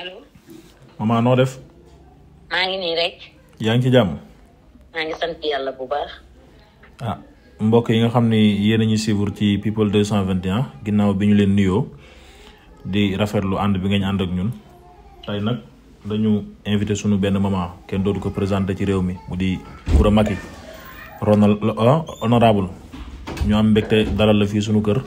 allo. noo def. maa ngi nii rek. yaa ngi ci jàmm. maa ngi sant yàlla bu baax. ah mbokk yi nga xam ni yéen a ñu suivre ci people 221 ginnaaw bi ñu leen nuyoo di rafetlu ànd bi ngeen ànd ak ñun tey nag dañu invité sunu benn maman kenn dootu ko présenté ci réew mi mu di Coura Macky Ronald ah, honorable ñu am mbégte dalal la fii sunu kër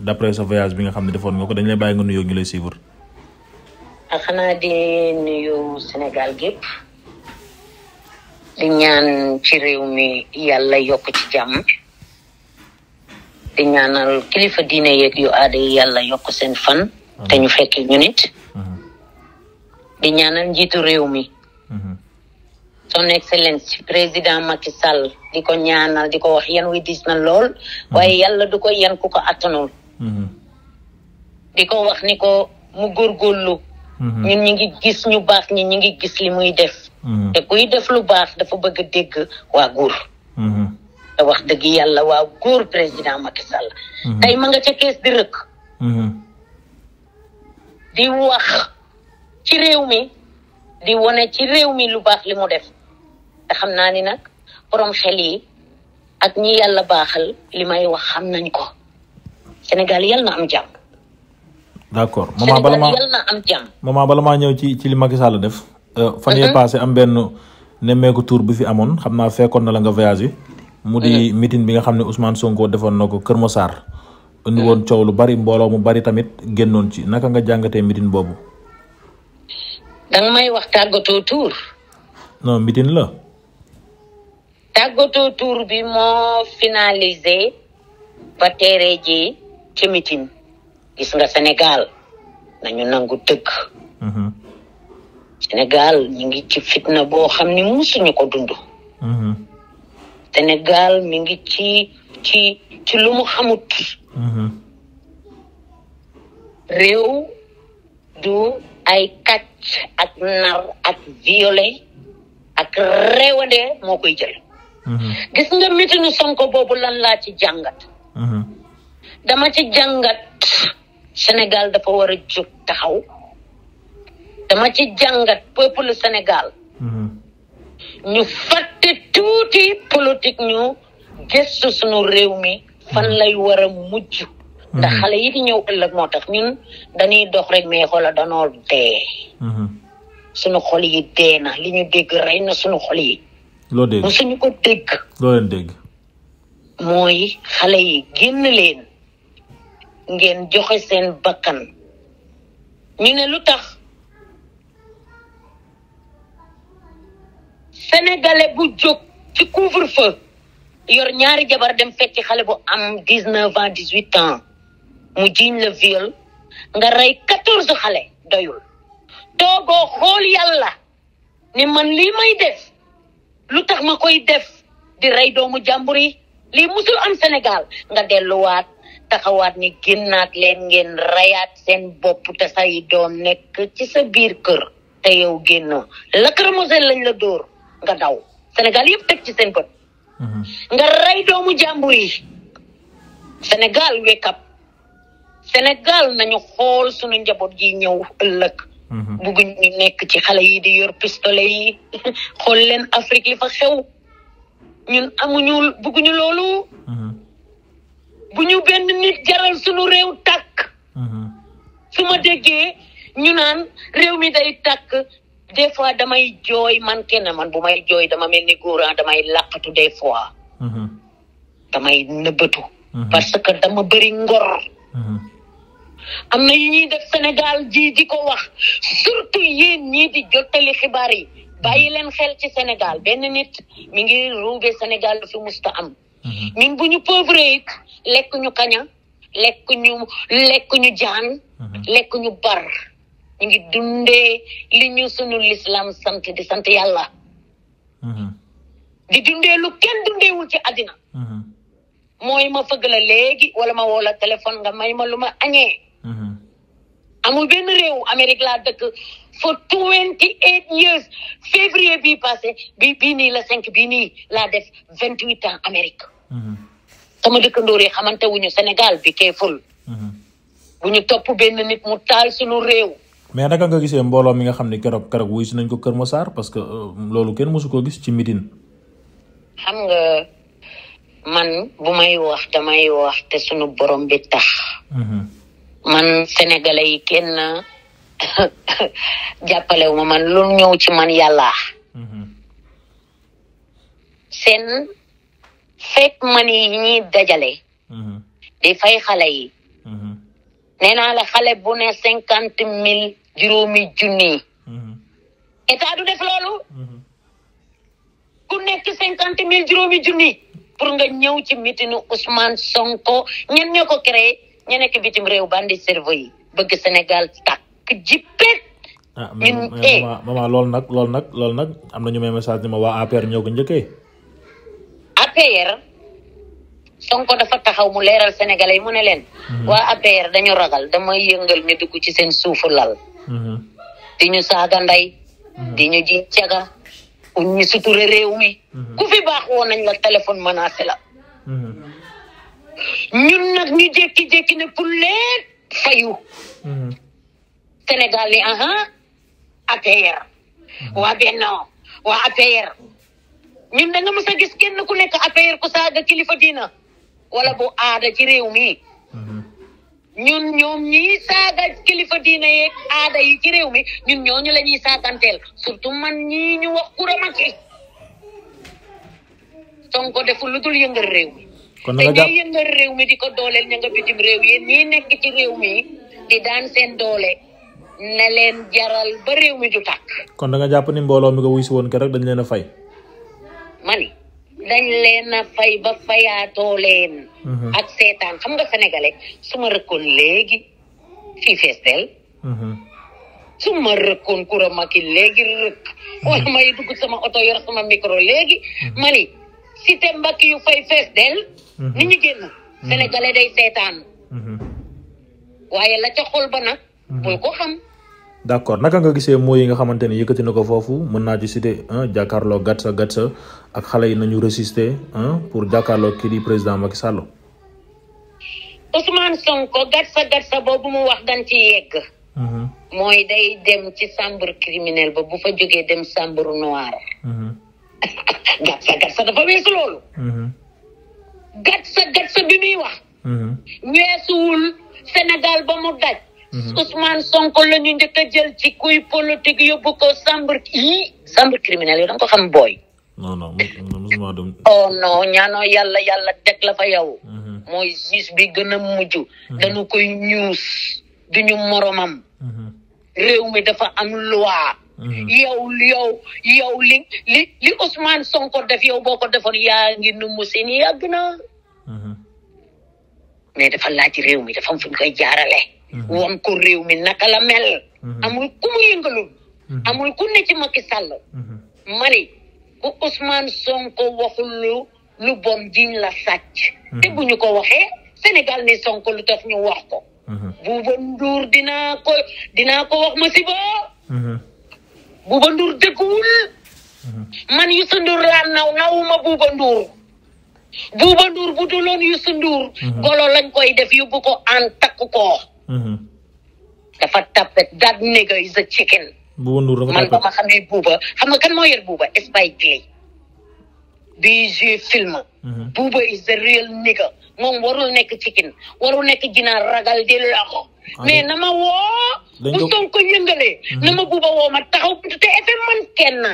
d'après sa voyage bi nga xam ne defoon nga ko dañ lay bàyyi nga nuyoo ñu lay suivre. ak ah, xanaa di nuyu Sénégal gépp di ñaan ci réew mi yàlla yokk ci jàmm di ñaanal kilifa diine yeeg yu aada yi yàlla yokk seen fan te ñu fekk ñu nit di ñaanal njiitu réew mi son excellence président Macky Sall di ko ñaanal di ko wax yan wi diis na lool waaye yàlla du ko yan ku ko attanul di ko wax ni ko mu góorgóorlu Mhm. ñun ñu ngi gis ñu baax ñi ñu ngi gis li muy def mhm. te kuy def lu baax dafa bëgg a dégg waa góor mhm. te wax dëgg yàlla waa góor président Macky Sall tey ma nga ca kees di rëkk di wax ci réew mi di wone ci réew mi lu baax li mu def te xam naa ni nag borom xel yi ak ñi yàlla baaxal li may wax xam nañ ko Sénégal yàlla na am jàmm d'accord maman bala maa na am jàmm maman bala maa ñëw ci ci li Macky Sall def. Euh, fan yee mhm. am benn nemeeku tour bu fi amoon xam naa fekkoon na la nga voyage mu di mitin mhm. bi nga xam ne Ousmane Sonko defoon na ko Kër Massar. indi woon mhm. coow lu bari mbooloo mu bari tamit génnoon ci naka nga jàngatee meeting boobu. danga may wax tàggatoo tour. non meeting la. tàggatoo tour bi moo finalisé ba teeree ci meeting. gis nga Sénégal nañu nangu dëgg. Mhm. Sénégal ñu ngi ci fitna boo xam ni musuñu ko dund. Mhm. Sénégal mi ngi ci ci lumu xamut. Mhm. réew du ay kàcc ak nar ak violé ak réewande moo koy jël. gis nga mitinu Sonko boobu lan laa ci dama ci jàngat. Sénégal dafa war a jóg taxaw dama ci jàngat peuple Sénégal mhm. ñu fàtte tuuti politique ñu gëstu suñu réew mi fan mhm. lay war a mujj mhm. ndax xale yi di ñëw ëllëg moo tax ñun dañuy dox rek mais xoola danoo dee suñu xol yi dee na li ñu dégg rey na suñu xol yi loo mu suñu ko dégg loo dégg mooy xale yi génn leen ngeen joxe seen bakkan ñu ne lu tax sénégalais bu jóg ci couvre-feu yor ñaari jabar dem fekki xale bu am dix neuf ans dix huit ans mu jiiñ la viol nga rey quatorze xale doyul toogoo xool yàlla ni man lii may def lu tax ma koy def di rey doomu jàmbur yi lii musul am Sénégal nga delluwaat taxawaat ni génnaat leen ngeen rayaat seen bopp te say doom nekk ci sa biir kër te yow génnoo lacrymogène lañ la door nga daw Sénégal yëpp teg ci seen bët mhm. nga rey doomu jàmbur yi Sénégal wake Sénégal nañu xool sunu njaboot yi ñëw ëllëg mhm. bugguñ nekk ci xale yi di yor pistolet yi xool leen Afrique li fa xew ñun amuñu bugguñu loolu mhm. bu ñu benn nit jaral suñu réew tàkk uh-huh. suma ma déggee ñu naan réew mi day tàkk des fois damay jooy man kenn man bu may jooy dama mel ni góoraan ah, damay làqatu des fois uh-huh. damay nëbbatu uh-huh. parce que dama bëri ngor am na yu ñuy def Sénégal ji di ko wax surtout yéen ñii di jottali xibaar yi bàyyi leen xel ci Sénégal benn nit mi ngi ruube Sénégal lu fi musta am ñun mm-hmm. bu ñu pauvre it lekk ñu kaña lekk ñu lekk ñu jaan mm-hmm. lekk ñu bar ñu ngi dundee li ñu sunu lislaam sant di sant yàlla mm-hmm. di dundee lu kenn dundeewul ci àddina mooy ma fëgg la léegi wala ma wola téléphone nga may ma lu ma añee amu benn réew Amérique laa dëkk for twenty eight years février bii passé bi nii la cinq bii nii laa def vingt huit ans Amérique mhm. sama dëkkandoor yi xamante wuñu Sénégal bi kee ful bu mhm. ñu topp benn nit mu taal suñu réew mais naka nga gisee mbooloo mi nga xam ne keroog keroog wuy si nañ ko Kër Massar parce que euh, loolu kenn mësu koo gis ci mitin xam nga man bu may wax may wax te sunu borom bi tax mhm. man sénégalais yi kenn jàppalewu ma man lu ñëw ci man yàlla mm-hmm. seen fekk man yi ñuy dajale mm-hmm. di fay xale yi mm-hmm. nee naa la xale bu ne cinquante mille juróomi junni état du def loolu ku nekk cinquante mille juróomi junni pour nga ñëw ci mitinu Ousmane Sonko ñen ñoo ko créé ña nekk bitim réew bandi cerveau yi bëgg Sénégal tàkk jippe ñun ah, eh nag lool nag loolu nag am na ñu may message ni ma waa APR ñoo ko njëkkee. APR Sonko dafa taxaw mu leeral Sénégalais yi mu ne leen. Mhm. waa APR dañu ragal damay yëngal ñu dugg ci seen suufu lal. Mhm. di ñu saaga ndey. Mhm. di ñu ji caga. ku mi. ku fi baax woon la téléphone menacé la. ñun nag ñu jékki-jékki ne pour leen fayu. Sénégal ni aha APR waa Benno waa APR ñun da nga mës a gis kenn ku nekk APR ku saaga kilifa diina wala bu aada ci réew mi ñun ñoom ñii saaga kilifa diina yeeg aada yi ci réew mi ñun ñooñu la ñuy saaganteel surtout man ñii ñu wax kuréel ma ci Sonko deful lu dul yëngal réew mi. kon nag te réew mi di ko dooleel ña nga réew yi ñii nekk ci réew mi di daan seen doole. na leen jaral ba réew mi du tàkk. kon da jàpp ni mbooloo mi ko wuy si woon keroog dañ leen a fay. ma ni dañ leen a fay ba fayaatoo leen. Mhm. ak seetaan xam nga sénégalais su ma rëkkoon léegi fii fees del. Mhm. su ma rëkkoon kura maki léegi rëkk. Mhm. wala may dugg sama oto yor sama micro léegi. ma ni cité mbakk yu fay fees del. nit ñi génn. sénégalais day seetaan. waaye la ca xol ba nag. bul ko xam. d' accord naka nga gisee mooy yi nga xamante ne yëkkati na ko foofu mën naa ci cité jàkkaarloo gatsa gatsa ak xale yi nañu résister pour jàkkaarloo kii di président Macky Sall. Ousmane Sonko gatsa gatsa boobu mu wax dañ ci yegg. Mm-hmm. mooy mm-hmm. mm-hmm. bi muy wax. weesuwul Sénégal ba mu daj. Mm-hmm. Ousmane Sonko la ñu njëkk a jël ci kuy politique yóbbu ko chambre yi chambre criminelle yi da ko xam booy. non oh, non ñaanoo yàlla yàlla teg la fa yow. Mm-hmm. mooy juge bi gën a mujj. Mm-hmm. dañu koy ñuus ñu moromam. réew mi dafa am loi. yow yow yow li li li Ousmane Sonko def yow boo ko defoon yaa ngi nu mu seen yàgg na. mais dafa laaj réew mi dafa am koy jaarale. Mhm. wan ko réew mi naka la mel. Mhm. amul ku mu yëngalul. Mhm. amul ku ne ci Macky Sall. mani ku Ousmane Sonko waxul lu lu bon jiñ la sàcc. te bu ñu ko waxee Sénégal ni Sonko lu tax ñu wax ko. Bouba Ndour dinaa ko dinaa ko wax ma si ba. Bouba Ndour dëgguwul. man Youssou Ndour laa naw nawuma Bouba Ndour. Bouba Ndour bu duloon Youssou Ndour. golo lañ koy def yóbbu ko an takk ko. Mhm. dafa tapet that nigga is a chicken. buuba Ndour man ba ma xamee buuba xam nga kan moo yor buuba Spike Lee bi film. Mhm. buuba is a real nigga moom warul nekk chicken warul nekk ginaar ragal di loxo. Ah, mais na ma woo. bu Sonko yëngalee. Mhm. na ma buuba woo ma taxaw te FM man kenn.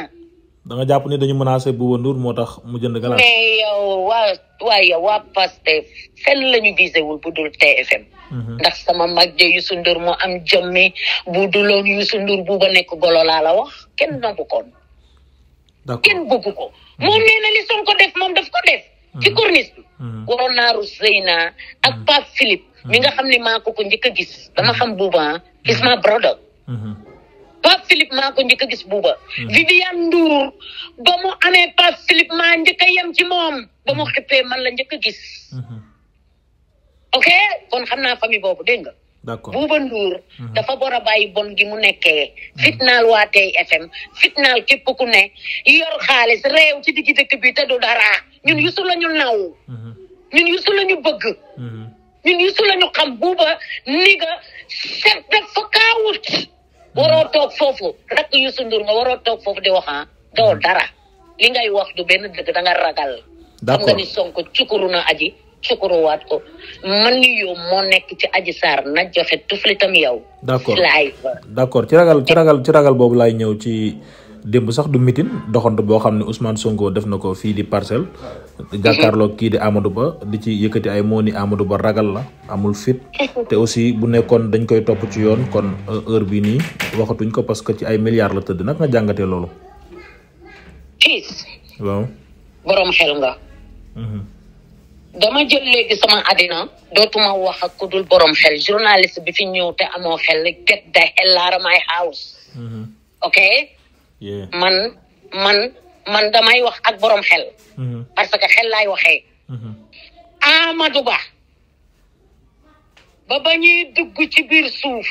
da jàpp ni dañu menacé Bouba Ndour moo tax mu jënd galaas. mais yow waa waa yow waa Pastef fenn la ñu bu dul TFM. Mhm. ndax sama mag de Youssou Ndour moo am jëmmi bu duloon Youssou Ndour Bouba nekk golo laa la wax kenn nangu ko. d'accord kenn bëggu ko. moom nee na li def moom daf ko def. Mhm. ci corniche bi. Mhm. waroon naa rus Zeyna ak Pape Philippe. mi nga xam ne maa ko ko a gis dama xam Bouba gis ma Pape Philippe maa ko gis buuba. Hmm. Viviane Ndour ba mu amee Pape Philippe maa njëkk a yem ci moom ba mu hmm. xippee man la njëkk a gis. Hmm. ok kon xam naa famille boobu dégg Buuba Ndour. dafa bor a bàyyi bon gi mu nekkee. fitnaal waa tey FM fitnaal képp ku ne yor xaalis réew ci digg dëkk bi te du dara ñun yusu la ñu naw. ñun yusu la bëgg. ñun yusu la xam buuba ni nga set dafa kaawut. waroo toog foofu rakk Youssou Ndour nga waroo toog foofu di wax ah doo hmm. dara li ngay wax du benn dëgg da ragal. xam nga ni Sonko cukuru na aji waat ko man yow moo nekk ci aji saar na joxe tuflitam yow. d' accord d' ci ragal ci ragal ci ragal boobu laay ñëw ci. démb sax du mitin doxantu boo xam ne Ousmane Sonko def na ko fii di parcelle. Mhm. jàkkaarloo kii di Amadou Ba di ci yëkkati ay mooni Amadou Ba ragal la amul fit. te aussi bu nekkoon dañ koy topp ci yoon kon euh, heure bi nii waxatuñ ko parce que ci ay milliards la tëdd nag nga jàngatee loolu. waaw. borom xel nga. Mhm. dama jël léegi sama àddina dootuma wax ak ku dul xel journaliste bi fi ñëw te amoo xel get the hell out my house. Mhm. ok. man man man damay wax ak borom xel. Mm-hmm. parce que xel laay waxee. Mm-hmm. Amadou Ba ba ba ñuy dugg ci biir suuf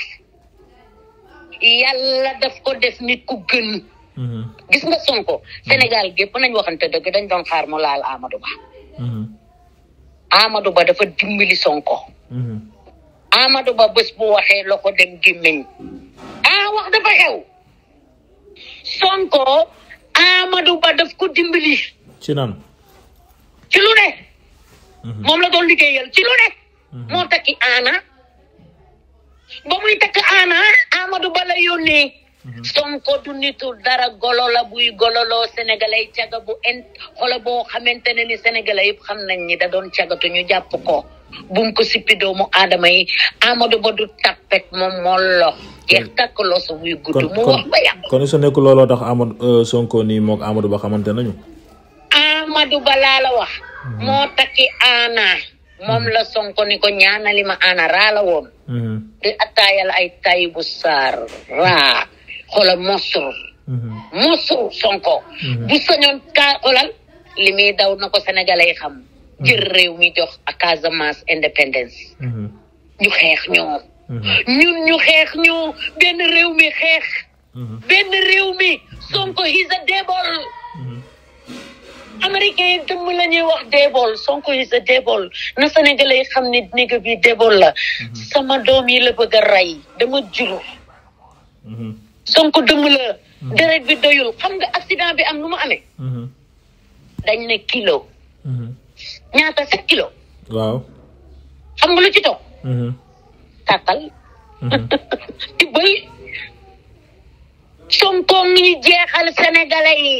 yàlla daf ko def nit ku gën. Mm-hmm. gis nga Sonko Sénégal gépp nañ waxante dëgg dañ doon xaar mu laal Amadou Ba. Amadou Ba dafa dimbali Sonko. Amadou Ba bés bu waxee la ko dem gémmiñ. ah wax dafa xew. Sonko amadu Ba daf ko dimbali. ci nan. ci lu ne. Mhm. moom la doon liggéeyal ci lu ne. Mhm. moo takki Aana. ba muy takk Aana Amadou Ba la yónnee. Mhm. Sonko du nitu dara golo la buy gololoo sénégalais caga bu en xola boo xamante ne ni sénégalais yëpp xam nañ ni da doon cagatu ñu jàpp ko. bu mu ko sippi doomu aadama yi Amadou Ba du tapet moom moo jeex takk loxo muy gudd mu wax ba yàgg kon su nekk looloo tax euh, Amadou Ba xamante nañu Amadou Ba laa la wax hmm. moo takki ana moom hmm. la Sonko ni ko ñaanali ma ana raa la woon hmm. di attaayal ay tayibu saar raa xoolal mosru mosru Sonko bu sañoon kaa xoolal li daw na ko xam jël réew mi jox ak Casamance indépendance. ñu xeex ñoo. Mm-hmm. ñu xeex ñoo benn réew mi xeex. Mm-hmm. benn réew mi Sonko mm-hmm. is a débol. américain yi dëmm la wax débol Sonko is a débol na Sénégalais yi xam ne néega bi débol la. sama doom yi la bëgg a rey dama jur. Sonko dëmm la. deret bi doyul xam nga accident bi am nu mu amee. dañ ne kilo. ñaata sept kilos. xam nga lu ci toog. kàttal. di bëy ngi jeexal sénégalais yi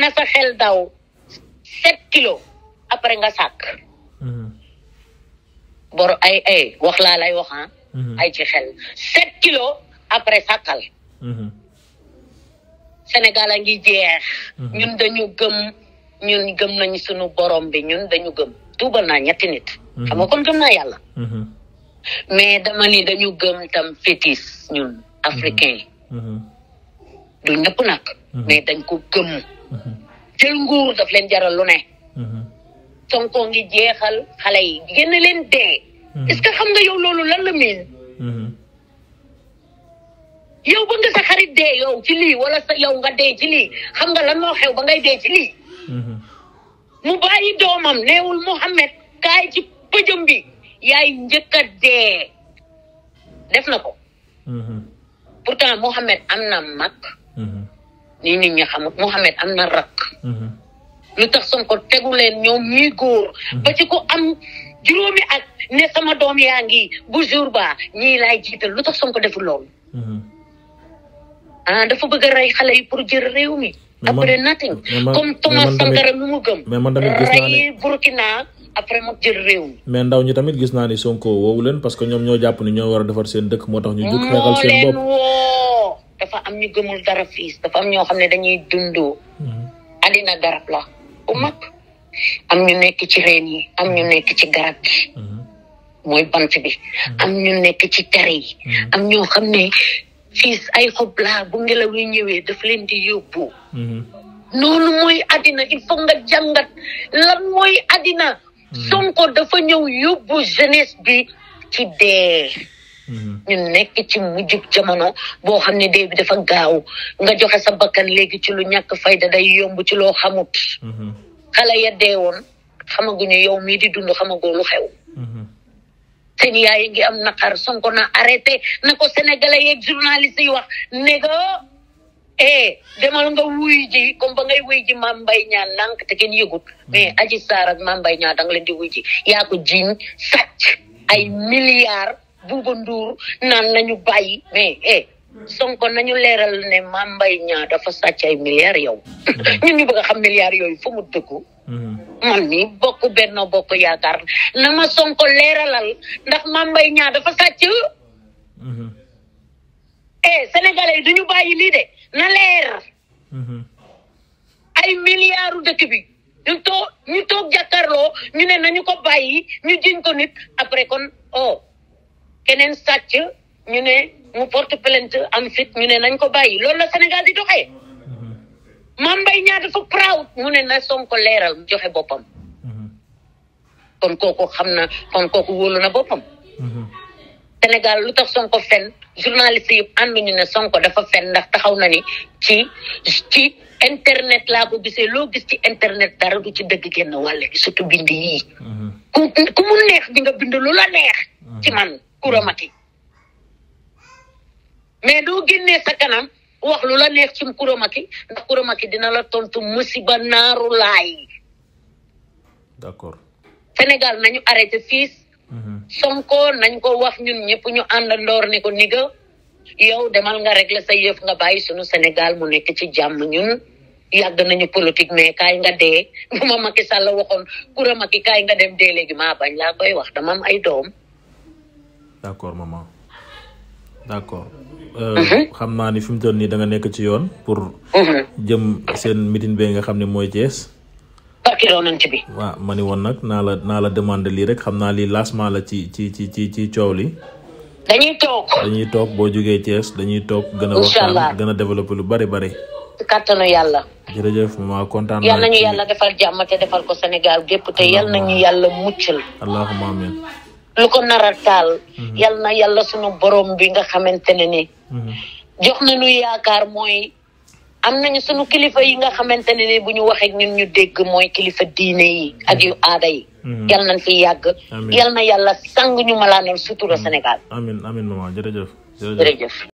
na sa xel daw sept kilos après nga sàkk. Mm-hmm. boro ay ay wax laa lay ah. mm-hmm. ay ci xel sept kilos après sàkkal. Mm-hmm. sénégalais ngi jeex. ñun dañu gëm. ñun gëm nañ suñu borom bi ñun dañu gëm tuubal naa ñetti nit mhm. xam nga kon gëm naa yàlla mhm. mais dama ni dañu gëm tam fétis ñun africain mhm. du ñëpp nag mais dañ ko gëm jël nguur daf leen jaral lu ne sonko ngi jeexal xale yi génn leen dee est xam nga yow loolu lan la miin yow ba nga sa xarit dee yow ci lii wala sa yow nga dee ci xam nga lan moo ba ngay dee ci mu bàyyi doomam neewul Mouhamed kaay ci pëjëm yay yaay njëkk dee def na ko mhm. pourtant Mouhamed am na mag mhm. nii nit ñi xamut Mouhamed am na rakk mhm. lu tax Sonko tegu leen ñoom ñuy góor ba ci ko am juróomi ak ne sama doom yaa ngi bu jour ba ñii laay jiital lu tax Sonko deful loolu ah dafa bëgg a rey xale yi pour jël réew mi après nothing comme Thomas Sankara mi mu gëm. mais man tamit gis naa ne Burkina après mu réew mais ndaw ñi tamit gis naa ni Sonko woowu leen parce que ñoom ñoo jàpp ni ñoo war a defar seen dëkk moo tax ñu jóg xeexal seen bopp woo dafa am ñu gëmul dara fii dafa am ñoo xam ne dañuy dundoo. Mhm. alina garab la bu mag am ñu nekk ci reen yi am ñu nekk ci garab gi mhm. mooy bant bi mhm. am ñu nekk ci tere yi am ñoo xam ne fiis ay xob laa bu ngelaw yi ñëwee dafa leen di yóbbu. Mm-hmm. noonu mooy àddina il faut nga jàngat lan mooy àddina. Mm-hmm. Sonko dafa ñëw yóbbu jeunesse bi ci dee. Mm-hmm. ñu nekk ci mujjug jamono boo xam ne dee bi dafa gaaw nga joxe sa bakkan léegi ci lu ñàkk fayda day yomb ci loo xamut. xale ya woon xamaguñu yow mii di dund xamagoo lu xew. seen yaay ngi am naqar Sonko na arrêté na ko sénégalais yeeg journaliste yi wax ne ko eh demal nga wuy ji comme ba ngay wuy ji Mame Mbaye Niang nank te kenn yëgut mm. mais Adji Sarr ak Mame Mbaye Niang da nga leen di wuy ji yaa ko jiñ sàcc ay mm. milliards Bouba Ndour naan nañu bàyyi mais eh Sonko nañu leeral ne Mame Mbaye Niang dafa sàcc ay milliards yow mm-hmm. ñun ñu bëgg a xam milliards yooyu fu mu dëkku mm-hmm. man mi bokk Benno Bokk Yaakaar na ma Sonko leeralal ndax Mame Mbaye Niang dafa sàcc mm-hmm. eh sénégalais yi du ñu bàyyi lii de na leer ay milliards dëkk bi ñu toog ñu toog jàkkaarloo ñu ne nañu ko bàyyi ñu jiñ ko nit après kon oh keneen sàcc ñu ne mu porte plainte am fit ñu ne nañ ko bàyyi loolu la Sénégal di doxee Mame Mbaye Niang dafa proud mu ne na Sonko leeral joxe boppam kon kooku xam na kon kooku wóolu na boppam Sénégal lu tax Sonko fen journaliste yëpp ñu ne Sonko dafa fen ndax taxaw na ni ci ci internet laa ko gisee loo gis ci internet dara du ci dëgg genn wàll gi surtout bind yii mhm. ku ku mu neex di nga bind lu la neex ci man Coura mais doo génnee sa kanam wax lu la neex ci kuromaki ndax kuromaki dina la tontu musiba naaru laay. d'accord. Sénégal nañu arrêté siis. Mhm. Sonko nañ ko wax ñun ñëpp ñu àndandoor ne ko ni yow demal nga régler sa yëf nga bàyyi sunu Sénégal mu nekk ci jàmm ñun yàgg nañu politique mais kaay nga dee bu ma Macky Sall waxoon kura Macky kaay nga dem dee léegi maa bañ laa koy wax dama am ay doom. d'accord Euh, mhm. xam naa ni fi mu toll nii da nekk ci yoon pour. Mhm. jëm seen meeting bee nga xam ne mooy Thiès. waaw ma ni woon nag naa la naa la demande lii rek xam naa lii lancement la ci ci ci ci ci coow li. dañuy toog dañuy toog boo jógee Thiès dañuy toog. gën a waxtaan gën a développé lu bari bari. ci kàttanu yàlla. jërëjëf ma kontaan naa yal yàlla defal jàmm te defal ko Sénégal gépp te yal nañu yàlla muccal. allahumma amin lu ko nar a mhm. yal na yàlla suñu borom bi nga xamante ne ni. Mhm. jox nañu yaakaar mooy am nañu sunu kilifa yi nga xamante ni bu ñu waxee ñun ñu dégg mooy kilifa diine yi ak yu aada yi. Mhm. yal nañ fi yàgg. yal na yàlla sang ñu malaanal sutura Sénégal. amiin amiin maman jërëjëf